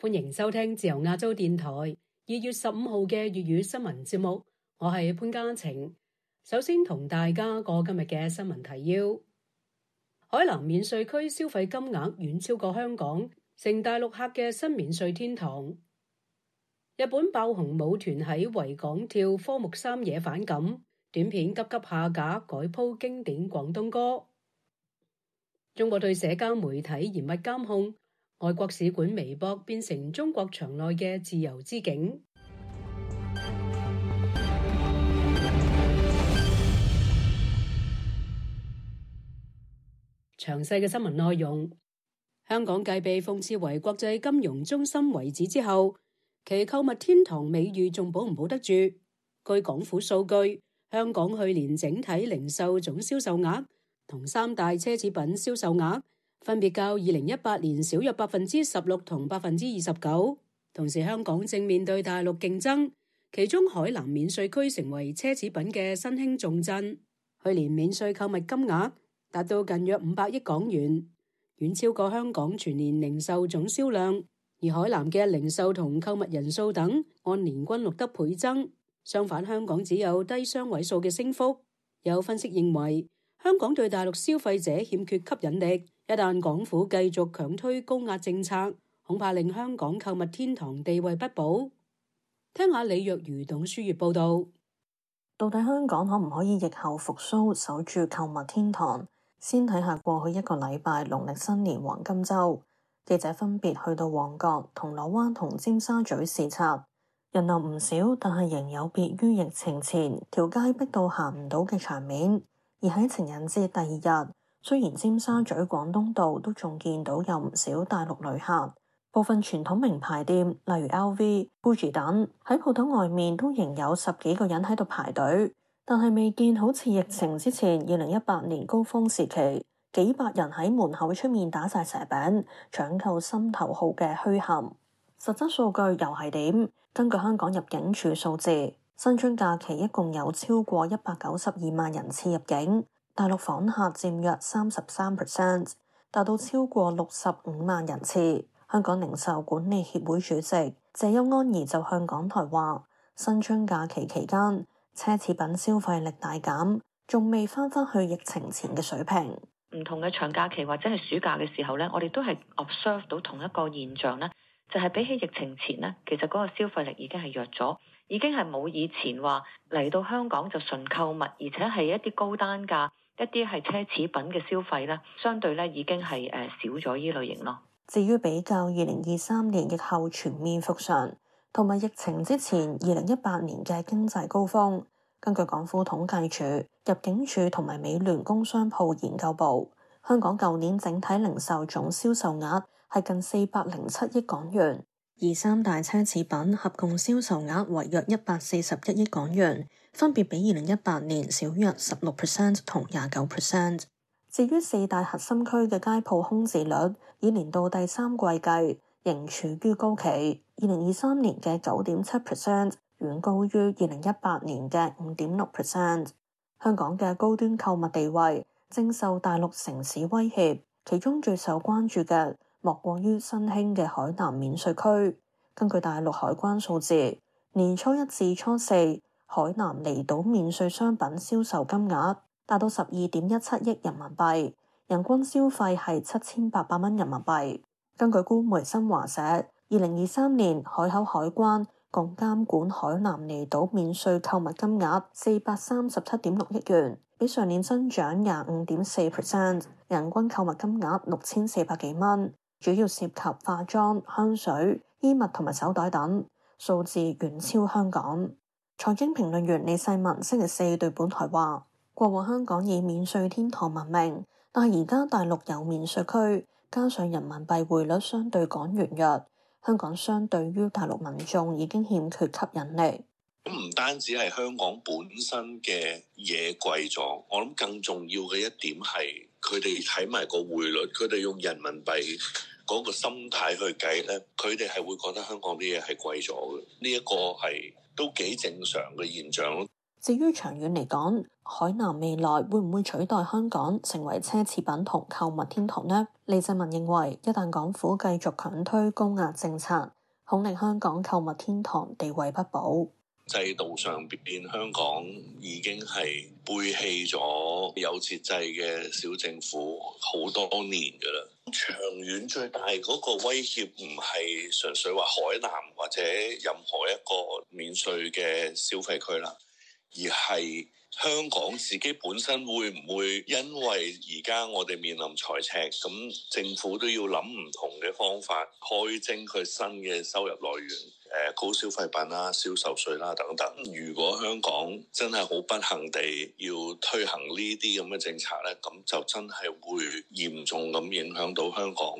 歡迎收聽自由亞洲電台二月十五號嘅粵語新聞節目，我係潘嘉晴。首先同大家過今日嘅新聞提要：海南免稅區消費金額遠超過香港，成大陸客嘅新免稅天堂。日本爆紅舞團喺維港跳科目三惹反感，短片急急下架改鋪經典廣東歌。中國對社交媒體嚴密監控。外國使館微博變成中國牆內嘅自由之境。詳細嘅新聞內容，香港繼被諷刺為國際金融中心遺址之後，其購物天堂美譽仲保唔保得住？據港府數據，香港去年整體零售總銷售額同三大奢侈品銷售額，分別較二零一八年少約百分之十六同百分之二十九，同時香港正面對大陸競爭，其中海南免稅區成為奢侈品嘅新興重鎮，去年免稅購物金額達到近約五百億港元，遠超過香港全年零售總銷量。而海南嘅零售同購物人數等按年均錄得倍增，相反香港只有低雙位數嘅升幅。有分析認為，香港對大陸消費者欠缺吸引力。一旦港府繼續強推高壓政策，恐怕令香港購物天堂地位不保。聽下李若如董書月報道，到底香港可唔可以疫後復蘇，守住購物天堂？先睇下過去一個禮拜農曆新年黃金周，記者分別去到旺角、銅鑼灣同尖沙咀視察，人流唔少，但係仍有別於疫情前條街逼到行唔到嘅場面。而喺情人節第二日。雖然尖沙咀廣東道都仲見到有唔少大陸旅客，部分傳統名牌店，例如 LV、Burberry 等，喺鋪頭外面都仍有十幾個人喺度排隊，但係未見好似疫情之前二零一八年高峰時期幾百人喺門口出面打晒蛇餅，搶購心頭好嘅墟冚。實質數據又係點？根據香港入境處數字，新春假期一共有超過一百九十二萬人次入境。大陸訪客佔約三十三 percent，達到超過六十五萬人次。香港零售管理協會主席謝優安怡就向港台話：新春假期期間，奢侈品消費力大減，仲未翻返去疫情前嘅水平。唔同嘅長假期或者係暑假嘅時候咧，我哋都係 observe 到同一個現象咧，就係比起疫情前呢其實嗰個消費力已經係弱咗，已經係冇以前話嚟到香港就純購物，而且係一啲高單價。一啲係奢侈品嘅消費咧，相對咧已經係誒少咗依類型咯。至於比較二零二三年疫後全面復常，同埋疫情之前二零一八年嘅經濟高峰，根據港府統計處、入境處同埋美聯工商鋪研究部，香港舊年整體零售總銷售額係近四百零七億港元，而三大奢侈品合共銷售額為約一百四十一億港元。分別比二零一八年少約十六 percent 同廿九 percent。至於四大核心區嘅街鋪空置率，以年度第三季計，仍處於高期，二零二三年嘅九點七 percent，遠高於二零一八年嘅五點六 percent。香港嘅高端購物地位正受大陸城市威脅，其中最受關注嘅莫過於新興嘅海南免稅區。根據大陸海關數字，年初一至初四，海南離島免稅商品銷售金額達到十二點一七億人民幣，人均消費係七千八百蚊人民幣。根據官媒新華社，二零二三年海口海關共監管海南離島免稅購物金額四百三十七點六億元，比上年增長廿五點四 percent，人均購物金額六千四百幾蚊，主要涉及化妝、香水、衣物同埋手袋等，數字遠超香港。財經評論員李世文星期四對本台話：過往香港以免稅天堂聞名，但係而家大陸有免稅區，加上人民幣匯率相對港元弱，香港相對於大陸民眾已經欠缺吸引力。咁唔單止係香港本身嘅嘢貴咗，我諗更重要嘅一點係，佢哋睇埋個匯率，佢哋用人民幣嗰個心態去計咧，佢哋係會覺得香港啲嘢係貴咗嘅。呢一個係。都幾正常嘅現象咯。至於長遠嚟講，海南未來會唔會取代香港成為奢侈品同購物天堂呢？李振文認為，一旦港府繼續強推高壓政策，恐令香港購物天堂地位不保。制度上邊，香港已經係背棄咗有節制嘅小政府好多年噶啦。長遠最大嗰個威脅唔係純粹話海南，或者任何一個免稅嘅消費區啦，而係，香港自己本身會唔會因為而家我哋面臨財赤，咁政府都要諗唔同嘅方法開徵佢新嘅收入來源，誒高消費品啦、銷售稅啦等等。如果香港真係好不幸地要推行呢啲咁嘅政策咧，咁就真係會嚴重咁影響到香港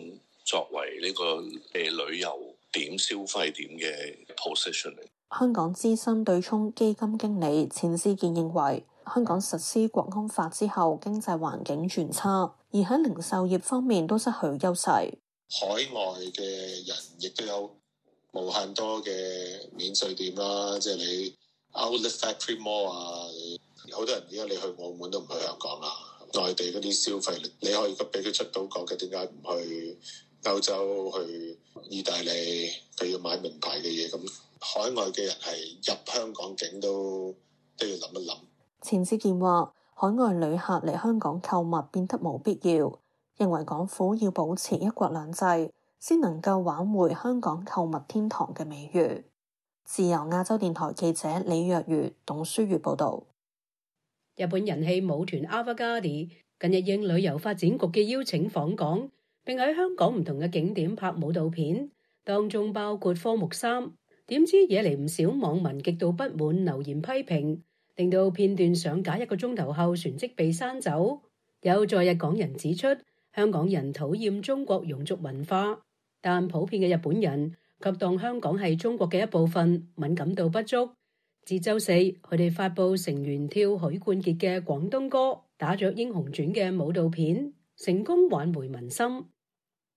作為呢個誒旅遊點消費點嘅 position 嚟。香港資深對沖基金經理錢思健認為，香港實施國安法之後，經濟環境轉差，而喺零售業方面都失去優勢。海外嘅人亦都有無限多嘅免稅店啦，即係你 outlet factory mall 啊，好多人而家你去澳門都唔去香港啦。內地嗰啲消費力，你可以俾佢出到國嘅，點解唔去歐洲去意大利？佢要買名牌嘅嘢咁。海外嘅人係入香港境都都要諗一諗。錢志健話：海外旅客嚟香港購物變得冇必要，認為港府要保持一國兩制，先能夠挽回香港購物天堂嘅美譽。自由亞洲電台記者李若如、董書月報導。日本人氣舞團 Avantgardey 近日應旅遊發展局嘅邀請訪港，並喺香港唔同嘅景點拍舞蹈片，當中包括科目三。點知惹嚟唔少網民極度不滿留言批評，令到片段上架一個鐘頭後，旋即被刪走。有在日港人指出，香港人討厭中國庸俗文化，但普遍嘅日本人卻當香港係中國嘅一部分，敏感度不足。至周四，佢哋發布成員跳許冠傑嘅廣東歌《打雀英雄傳》嘅舞蹈片，成功挽回民心。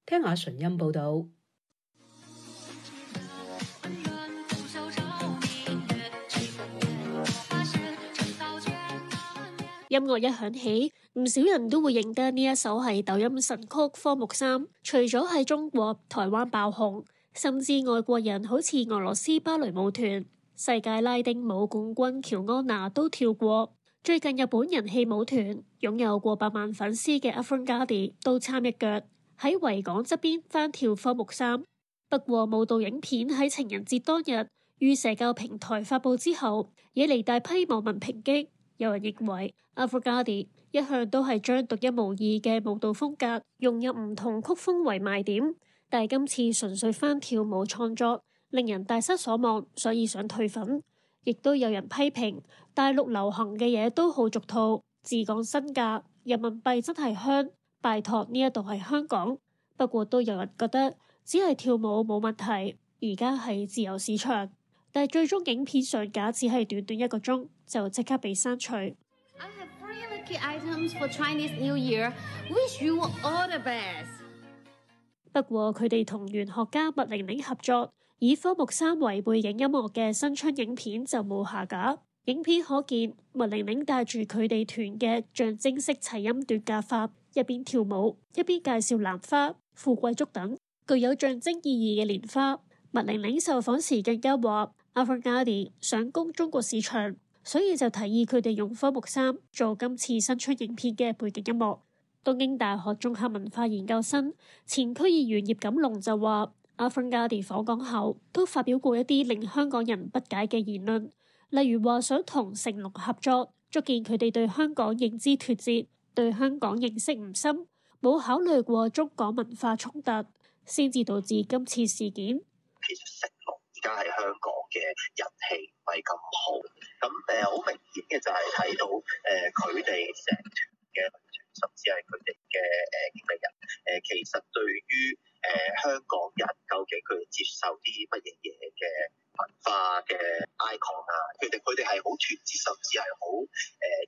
聽下純音報道。音樂一響起，唔少人都會認得呢一首係抖音神曲《科目三》。除咗喺中國台灣爆紅，甚至外國人好似俄羅斯芭蕾舞團、世界拉丁舞冠軍喬安娜都跳過。最近日本人氣舞團擁有過百萬粉絲嘅 Avantgardey 都參一腳，喺維港側邊翻跳《科目三》。不過舞蹈影片喺情人節當日於社交平台發布之後，惹嚟大批網民抨擊。有人認為 Avantgardey 一向都係將獨一無二嘅舞蹈風格融入唔同曲風為賣點，但係今次純粹翻跳舞創作，令人大失所望，所以想退粉。亦都有人批評大陸流行嘅嘢都好俗套，自降身價。人民幣真係香，拜託，呢一度係香港。不過都有人覺得只係跳舞冇問題，而家係自由市場。但係，最終影片上架只係短短一個鐘，就即刻被刪除。不過，佢哋同玄學家麥玲玲合作，以科目三為背景音樂嘅新春影片就冇下架。影片可見麥玲玲帶住佢哋團嘅象徵式齊陰短假髮，一邊跳舞一邊介紹蘭花、富貴竹等具有象徵意義嘅蓮花。麥玲玲受訪時更加話。阿方嘉迪想攻中國市場，所以就提議佢哋用科目三做今次新出影片嘅背景音樂。東京大學綜合文化研究生前區議員葉錦龍就話：阿方嘉迪訪港後都發表過一啲令香港人不解嘅言論，例如話想同成龍合作，足見佢哋對香港認知脫節，對香港認識唔深，冇考慮過中港文化衝突，先至導致今次事件。而家喺香港嘅人氣唔係咁好，咁誒好明顯嘅就係睇到誒佢哋成團嘅，甚至係佢哋嘅誒經理人誒，其實對於誒香港人究竟佢接受啲乜嘢嘢嘅文化嘅 icon 啊，佢哋佢哋係好唔接受甚至係好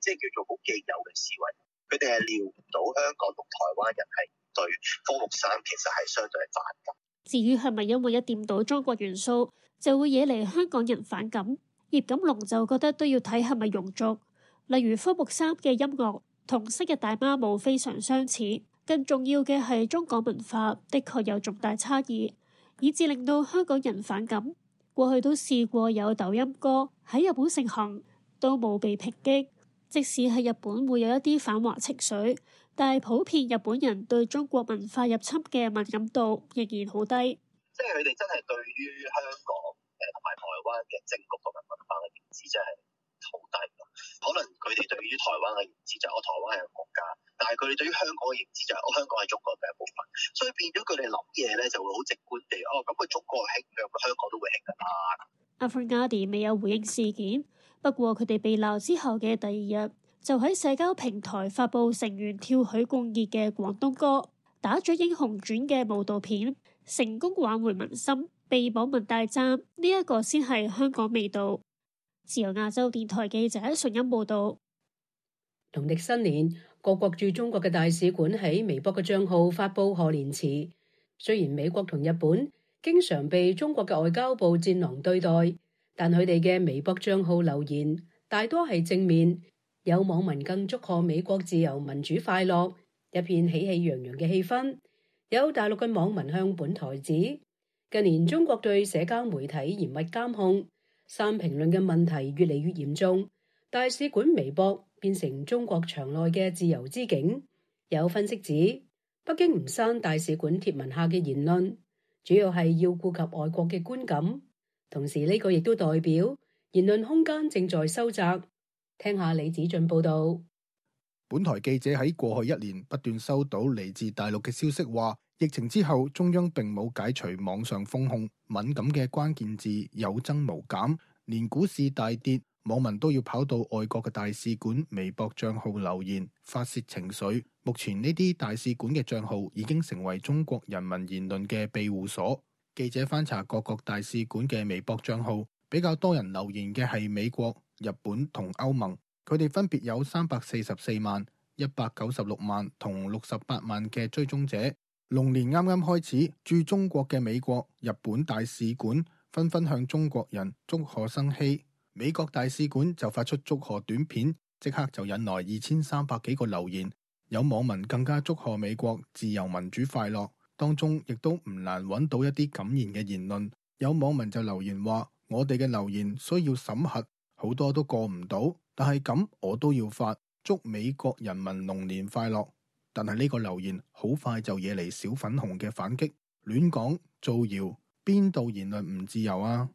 誒即係叫做好既有嘅思維，佢哋係料唔到香港同台灣人係對科目三其實係相對反㗎。至於係咪有冇一掂到中國元素？就會惹嚟香港人反感。葉錦龍就覺得都要睇係咪庸俗，例如《科目三》嘅音樂同昔日大媽舞非常相似。更重要嘅係，中港文化的確有重大差異，以致令到香港人反感。過去都試過有抖音歌喺日本盛行，都冇被抨擊。即使喺日本會有一啲反華情緒，但係普遍日本人對中國文化入侵嘅敏感度仍然好低。即係佢哋真係對於香港。政局同埋文化嘅認知真係好低。唔可能佢哋對於台灣嘅認知就係我台灣係一個國家，但係佢哋對於香港嘅認知就係我香港係中國嘅一部分，所以變咗佢哋諗嘢咧就會好直觀地哦。咁佢中國興咗，香港都會興噶啦。Avantgardey 未有回應事件，不過佢哋被鬧之後嘅第二日就喺社交平台發布成員跳許冠傑嘅廣東歌、打咗英雄傳嘅舞蹈片，成功挽回民心。被網民大讚，呢一個先係香港味道。自由亞洲電台記者陳音報道：農曆新年，各國駐中國嘅大使館喺微博嘅賬號發布賀年詞。雖然美國同日本經常被中國嘅外交部戰狼對待，但佢哋嘅微博賬號留言大多係正面。有網民更祝賀美國自由民主快樂，一片喜氣洋洋嘅氣氛。有大陸嘅網民向本台指。近年，中國對社交媒體嚴密監控，刪評論嘅問題越嚟越嚴重。大使館微博變成中國牆內嘅自由之境。有分析指，北京唔刪大使館貼文下嘅言論，主要係要顧及外國嘅觀感。同時，呢、這個亦都代表言論空間正在收窄。聽下李子俊報道。本台記者喺過去一年不斷收到嚟自大陸嘅消息，話。疫情之後，中央並冇解除網上封控，敏感嘅關鍵字有增無減。連股市大跌，網民都要跑到外國嘅大使館微博賬號留言發洩情緒。目前呢啲大使館嘅賬號已經成為中國人民言論嘅庇護所。記者翻查各國大使館嘅微博賬號，比較多人留言嘅係美國、日本同歐盟，佢哋分別有三百四十四萬、一百九十六萬同六十八萬嘅追蹤者。龍年啱啱開始，駐中國嘅美國、日本大使館紛紛向中國人祝賀新禧。美國大使館就發出祝賀短片，即刻就引來二千三百幾個留言。有網民更加祝賀美國自由民主快樂，當中亦都唔難揾到一啲感言嘅言論。有網民就留言話：我哋嘅留言需要審核，好多都過唔到，但係咁我都要發，祝美國人民龍年快樂。但係呢個留言好快就惹嚟小粉紅嘅反擊，亂講造謠，邊度言論唔自由啊？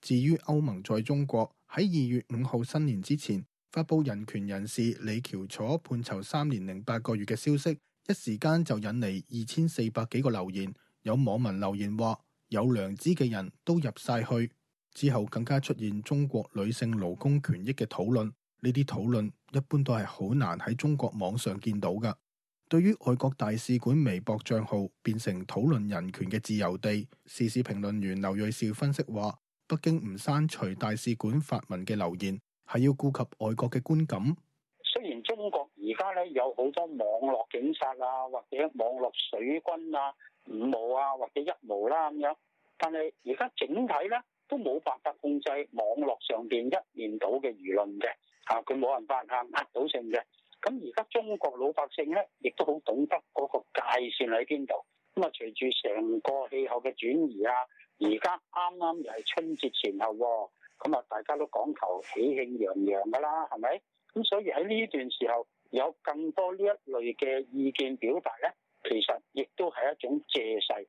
至於歐盟在中國喺二月五號新年之前發佈人權人士李喬楚判囚三年零八個月嘅消息，一時間就引嚟二千四百幾個留言，有網民留言話，有良知嘅人都入晒去。之後更加出現中國女性勞工權益嘅討論，呢啲討論一般都係好難喺中國網上見到嘅。對於外國大使館微博賬號變成討論人權嘅自由地，時事評論員劉瑞兆分析話：北京唔刪除大使館發文嘅留言，係要顧及外國嘅觀感。雖然中國而家咧有好多網絡警察啊，或者網絡水軍啊五毛啊或者一毛啦咁樣，但係而家整體咧都冇辦法控制網絡上邊一面倒嘅輿論嘅，啊，佢冇人辦法壓倒性嘅。啊咁而家中國老百姓咧，亦都好懂得嗰個界線喺邊度。咁啊，隨住成個氣候嘅轉移啊，而家啱啱又係春節前後，咁啊，大家都講求喜慶洋洋噶啦，係咪？咁所以喺呢段時候有更多呢一類嘅意見表達咧，其實亦都係一種借勢。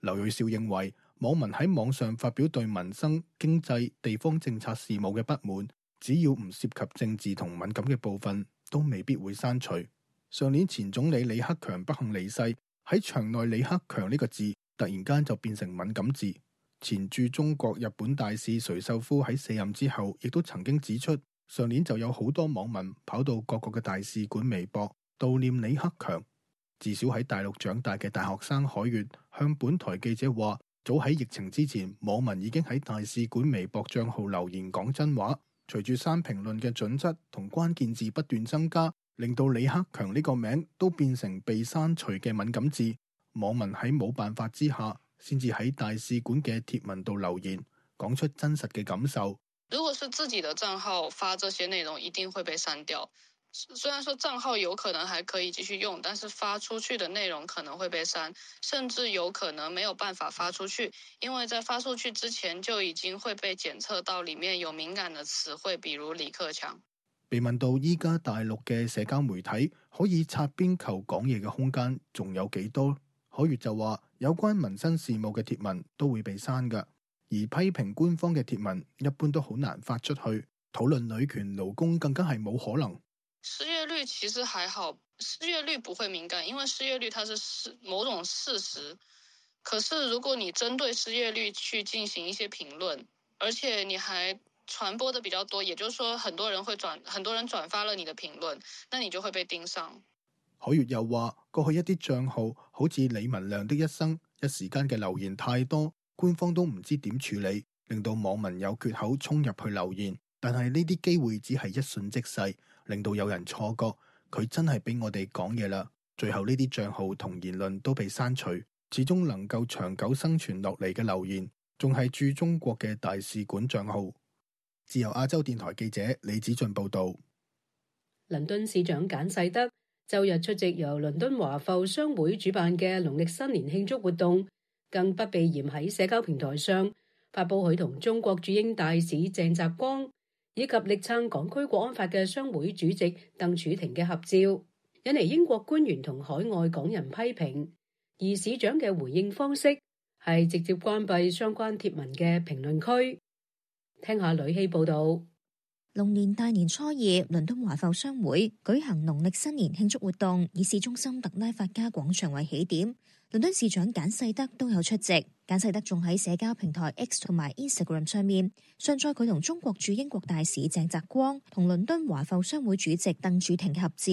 劉瑞兆認為，網民喺網上發表對民生、經濟、地方政策事務嘅不滿，只要唔涉及政治同敏感嘅部分，都未必會刪除。上年前總理李克強不幸離世，喺牆內李克強呢個字突然間就變成敏感字。前駐中國日本大使垂秀夫喺卸任之後，亦都曾經指出，上年就有好多網民跑到各國嘅大使館微博悼念李克強。至少喺大陸長大嘅大學生海月向本台記者話，早喺疫情之前，網民已經喺大使館微博賬號留言講真話。隨住刪評論嘅準則同關鍵字不斷增加，令到李克強呢個名都變成被刪除嘅敏感字，網民喺冇辦法之下，先至喺大使館嘅貼文度留言，講出真實嘅感受。如果是自己的賬號，發這些內容，一定會被刪掉。雖然說賬號有可能還可以繼續用，但是發出去的內容可能會被刪，甚至有可能沒有辦法發出去，因為在發出去之前就已經會被檢測到裏面有敏感的詞彙，比如李克強。被問到依家大陸嘅社交媒體可以擦邊球講嘢嘅空間仲有幾多，海月就話有關民生事務嘅貼文都會被刪噶，而批評官方嘅貼文一般都好難發出去，討論女權勞工更加係冇可能。失業率其實還好，失業率不會敏感，因為失業率它是某種事實。可是如果你針對失業率去進行一些評論，而且你還傳播的比較多，也就是說很多人會轉，很多人會轉，很多人轉發了你的評論，那你就會被盯上。海月又話：過去一啲賬號，好似李文亮的一生，一時間嘅留言太多，官方都唔知點處理，令到網民有缺口衝入去留言。但係呢啲機會只係一瞬即逝。令到有人錯覺佢真係俾我哋講嘢啦，最後呢啲帳號同言論都被刪除。始終能夠長久生存落嚟嘅留言，仲係駐中國嘅大使館帳號。自由亞洲電台記者李子俊報導。倫敦市長簡世德週日出席由倫敦華埠商會主辦嘅農曆新年慶祝活動，更不被嫌喺社交平台上發布佢同中國駐英大使鄭澤光。以及力撐港區國安法嘅商會主席鄧柱廷嘅合照，引嚟英國官員同海外港人批評。而市長嘅回應方式係直接關閉相關貼文嘅評論區。聽下呂希報導。龍年大年初二，倫敦華埠商會舉行農曆新年慶祝活動，以市中心特拉法加廣場為起點，倫敦市長簡世德都有出席，簡世德仲喺社交平台 X 同埋 Instagram 上面上載佢同中國駐英國大使鄭澤光同倫敦華埠商會主席鄧柱廷合照。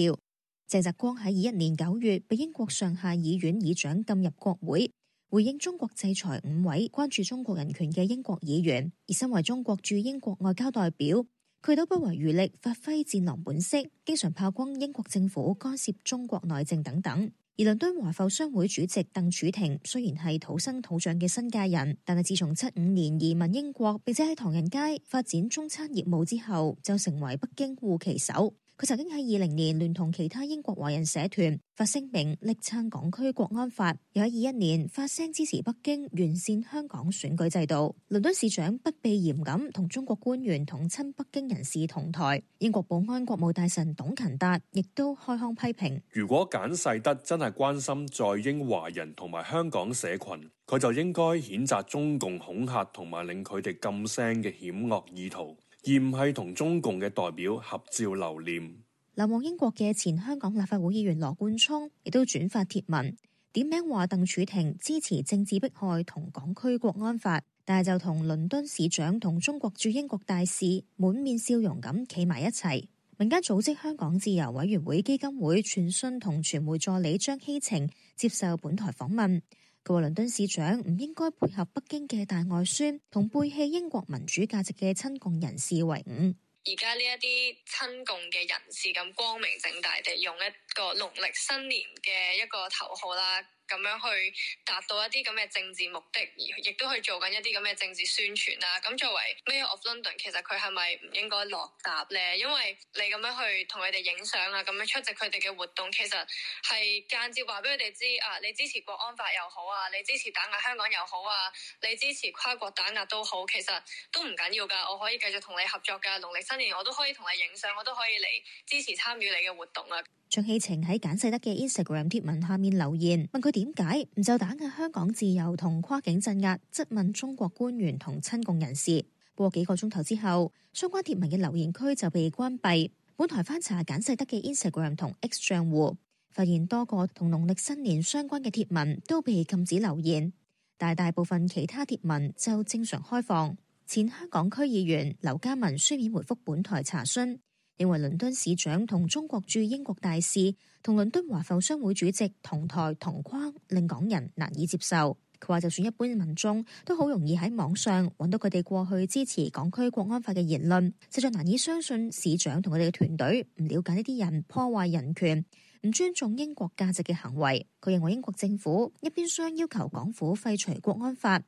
鄭澤光喺二一年九月被英國上下議院議長禁入國會，回應中國制裁五位關注中國人權嘅英國議員。而身為中國駐英國外交代表，佢都不遺餘力發揮戰狼本色，經常炮轟英國政府干涉中國內政等等。而倫敦華埠商會主席鄧柱廷雖然係土生土長嘅新界人，但係自從七五年移民英國並且喺唐人街發展中餐業務之後，就成為北京護旗手。佢曾經喺二零年聯同其他英國華人社團發聲明力撐港區國安法，又喺二一年發聲支持北京完善香港選舉制度。倫敦市長不避嫌咁同中國官員同親北京人士同台，英國保安國務大臣董勤達亦都開腔批評：如果簡世德真係關心在英華人同埋香港社群，佢就應該譴責中共恐嚇同埋令佢哋噤聲嘅險惡意圖。而唔係同中共嘅代表合照留念。流亡英國嘅前香港立法會議員羅冠聰亦都轉發帖文，點名話鄧柱廷支持政治迫害同港區國安法，但係就同倫敦市長同中國駐英國大使滿面笑容咁企埋一齊。民間組織香港自由委員會基金會傳訊同傳媒助理張希晴接受本台訪問。佢話倫敦市長唔應該配合北京嘅大外宣，同背棄英國民主價值嘅親共人士為伍。而家呢一啲親共嘅人士咁光明正大地用一個農曆新年嘅一個頭號啦。咁樣去達到一啲咁嘅政治目的，而亦都去做緊一啲咁嘅政治宣傳啊。咁作為 Mayor of London，其實佢係咪唔應該落閘咧？因為你咁樣去同佢哋影相啊，咁樣出席佢哋嘅活動，其實係間接話俾佢哋知啊。你支持國安法又好啊，你支持打壓香港又好啊，你支持跨國打壓都好，其實都唔緊要噶。我可以繼續同你合作噶。農曆新年我都可以同你影相，我都可以嚟支持參與你嘅活動啊。張啟晴喺簡世德嘅 Instagram 貼文下面留言，問佢。點解唔就打壓香港自由同跨境鎮壓質問中國官員同親共人士？過幾個鐘頭之後，相關貼文嘅留言區就被關閉。本台翻查簡世德嘅 Instagram 同 X 賬戶，發現多個同農曆新年相關嘅貼文都被禁止留言，但大部分其他貼文就正常開放。前香港區議員劉家文書面回覆本台查詢。認為倫敦市長同中國駐英國大使同倫敦華埠商會主席同台同框，令港人難以接受。佢話就算一般民眾都好容易喺網上揾到佢哋過去支持港區國安法嘅言論，實在難以相信市長同佢哋嘅團隊唔了解呢啲人破壞人權、唔尊重英國價值嘅行為。佢認為英國政府一邊想要求港府廢除國安法，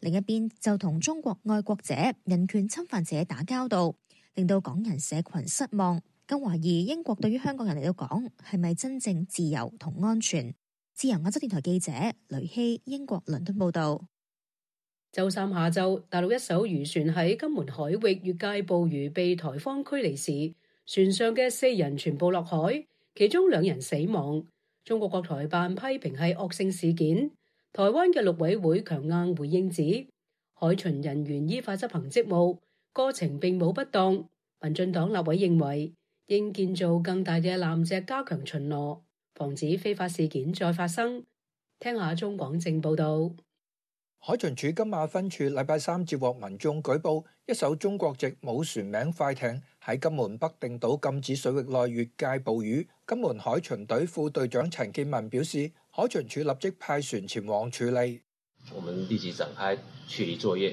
另一邊就同中國愛國者、人權侵犯者打交道。令到港人社群失望，更懷疑英國對於香港人嚟到港係咪真正自由同安全？自由亞洲電台記者雷希，英國倫敦報道：周三下晝，大陸一艘漁船喺金門海域越界捕魚，被台方驅離時，船上嘅四人全部落海，其中兩人死亡。中國國台辦批評係惡性事件。台灣嘅陸委會強硬回應指，海巡人員依法執行職務。過程並冇不當，民進黨立委認為應建造更大嘅艦隻加強巡邏，防止非法事件再發生。聽下中廣正報道。海巡署金馬分處禮拜三接獲民眾舉報，一艘中國籍冇船名快艇喺金門北定島禁止水域內越界捕魚。金門海巡隊副隊長陳建文表示，海巡署立即派船前往處理。我們立即展開驅離作業。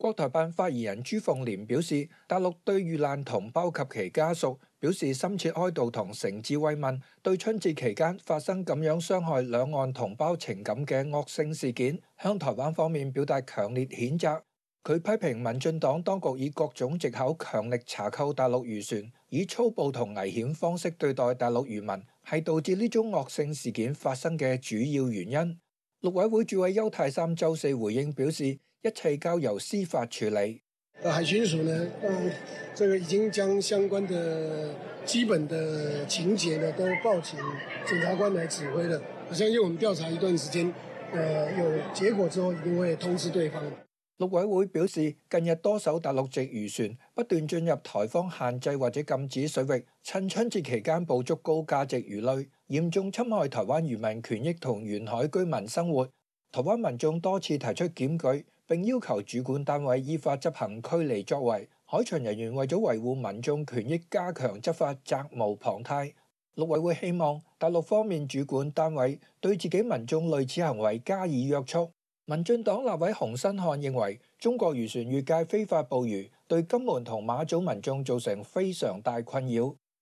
國台辦發言人朱鳳蓮表示，大陸對遇難同胞及其家屬表示深切哀悼同誠摯慰問，對春節期間發生咁樣傷害兩岸同胞情感嘅惡性事件，向台灣方面表達強烈譴責。佢批評民進黨當局以各種借口強力查扣大陸漁船，以粗暴同危險方式對待大陸漁民，係導致呢種惡性事件發生嘅主要原因。陸委會主委邱太三周四回應表示。一切交由司法處理。海巡署呢，嗯、呃，這個、已經將相關的基本的情節呢都報請檢察官來指揮了。我相信我們調查一段時間，有、呃、結果之後一定會通知對方。陸委會表示，近日多艘大陸籍漁船不斷進入台方限制或者禁止水域，趁春節期間捕捉高價值魚類，嚴重侵害台灣漁民權益同沿海居民生活。台灣民眾多次提出檢舉。並要求主管單位依法執行驅離作為，海巡人員為咗維護民眾權益加強執，加強執法責無旁貸。陸委會希望大陸方面主管單位對自己民眾類似行為加以約束。民進黨立委洪新漢認為，中國漁船越界非法捕魚，對金門同馬祖民眾造成非常大困擾。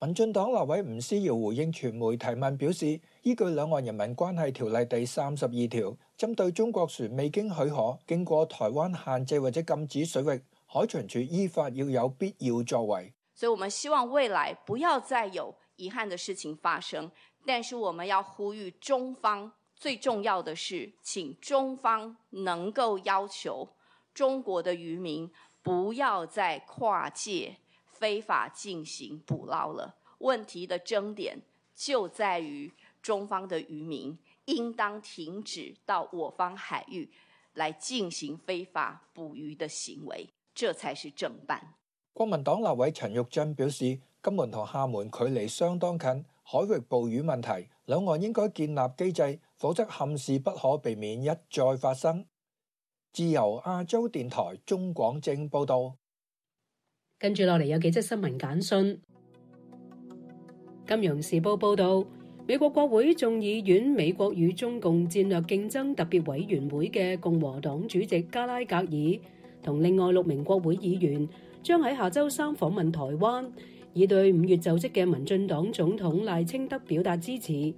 民進黨立委吳思堯回應傳媒提問，表示依據兩岸人民關係條例第三十二條，針對中國船未經許可經過台灣限制或者禁止水域，海巡署依法要有必要作為。所以我們希望未來不要再有遺憾的事情發生，但是我們要呼籲中方，最重要的是，請中方能夠要求中國的漁民不要再跨界。非法進行捕撈了，問題的爭點就在於中方的漁民應當停止到我方海域來進行非法捕魚的行為，這才是正辦。國民黨立委陳玉珍表示，金門同廈門距離相當近，海域捕魚問題，兩岸應該建立機制，否則憾事不可避免一再發生。自由亞洲電台鍾廣正報道。跟住落嚟有幾則新聞簡訊。《金融時報》報道，美國國會眾議院美國與中共戰略競爭特別委員會嘅共和黨主席加拉格爾同另外六名國會議員，將喺下周三訪問台灣，以對五月就職嘅民進黨總統賴清德表達支持。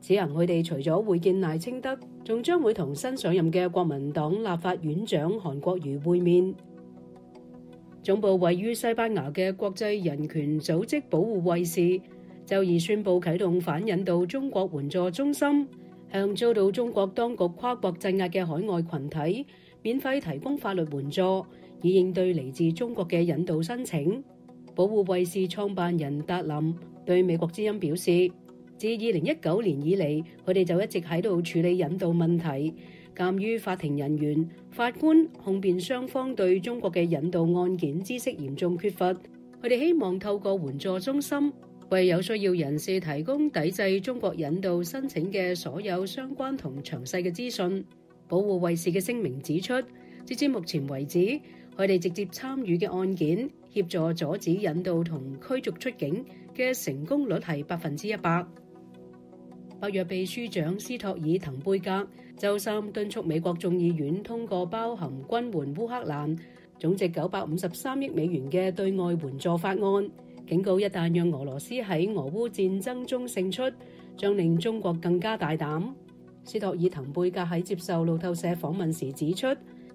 此行佢哋除咗會見賴清德，仲將會同新上任嘅國民黨立法院長韓國瑜會面。總部位於西班牙嘅國際人權組織保護衛士，就已宣布啟動反引渡中國援助中心，向遭到中國當局跨國鎮壓嘅海外群體免費提供法律援助，以應對嚟自中國嘅引渡申請。保護衛士創辦人達林對美國之音表示，自二零一九年以嚟，佢哋就一直喺度處理引渡問題。鑒於法庭人員、法官控辯雙方對中國嘅引渡案件知識嚴重缺乏，佢哋希望透過援助中心為有需要人士提供抵制中國引渡申請嘅所有相關同詳細嘅資訊。保護衛士嘅聲明指出，直至目前為止，佢哋直接參與嘅案件協助阻止引渡同驅逐出境嘅成功率係百分之一百。北約秘書長斯托爾滕貝格周三敦促美國眾議院通過包含軍援烏克蘭、總值九百五十三億美元嘅對外援助法案，警告一旦讓俄羅斯喺俄烏戰爭中勝出，將令中國更加大膽。斯托爾滕貝格喺接受路透社訪問時指出，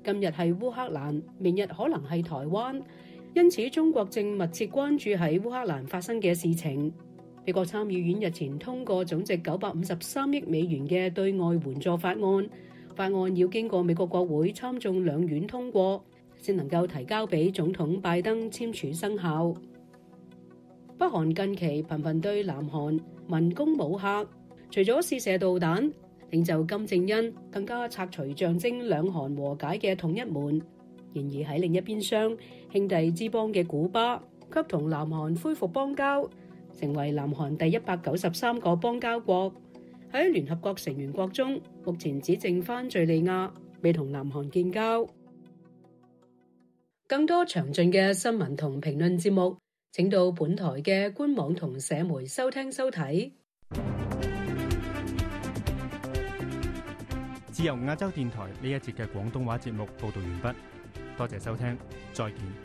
今日係烏克蘭，明日可能係台灣，因此中國正密切關注喺烏克蘭發生嘅事情。美國參議院日前通過總值九百五十三億美元嘅對外援助法案，法案要經過美國國會參眾兩院通過，先能夠提交俾總統拜登簽署生效。北韓近期頻頻對南韓民工武客武嚇，除咗試射導彈，領袖金正恩更加拆除象徵兩韓和解嘅統一門。然而喺另一邊廂，兄弟之邦嘅古巴，卻同南韓恢復邦交。成為南韓第一百九十三個邦交國，喺聯合國成員國中，目前只剩返敘利亞，未同南韓建交。更多詳盡嘅新聞同評論節目，請到本台嘅官網同社媒收聽收睇。自由亞洲電台呢一節嘅廣東話節目報道完畢，多謝收聽，再見。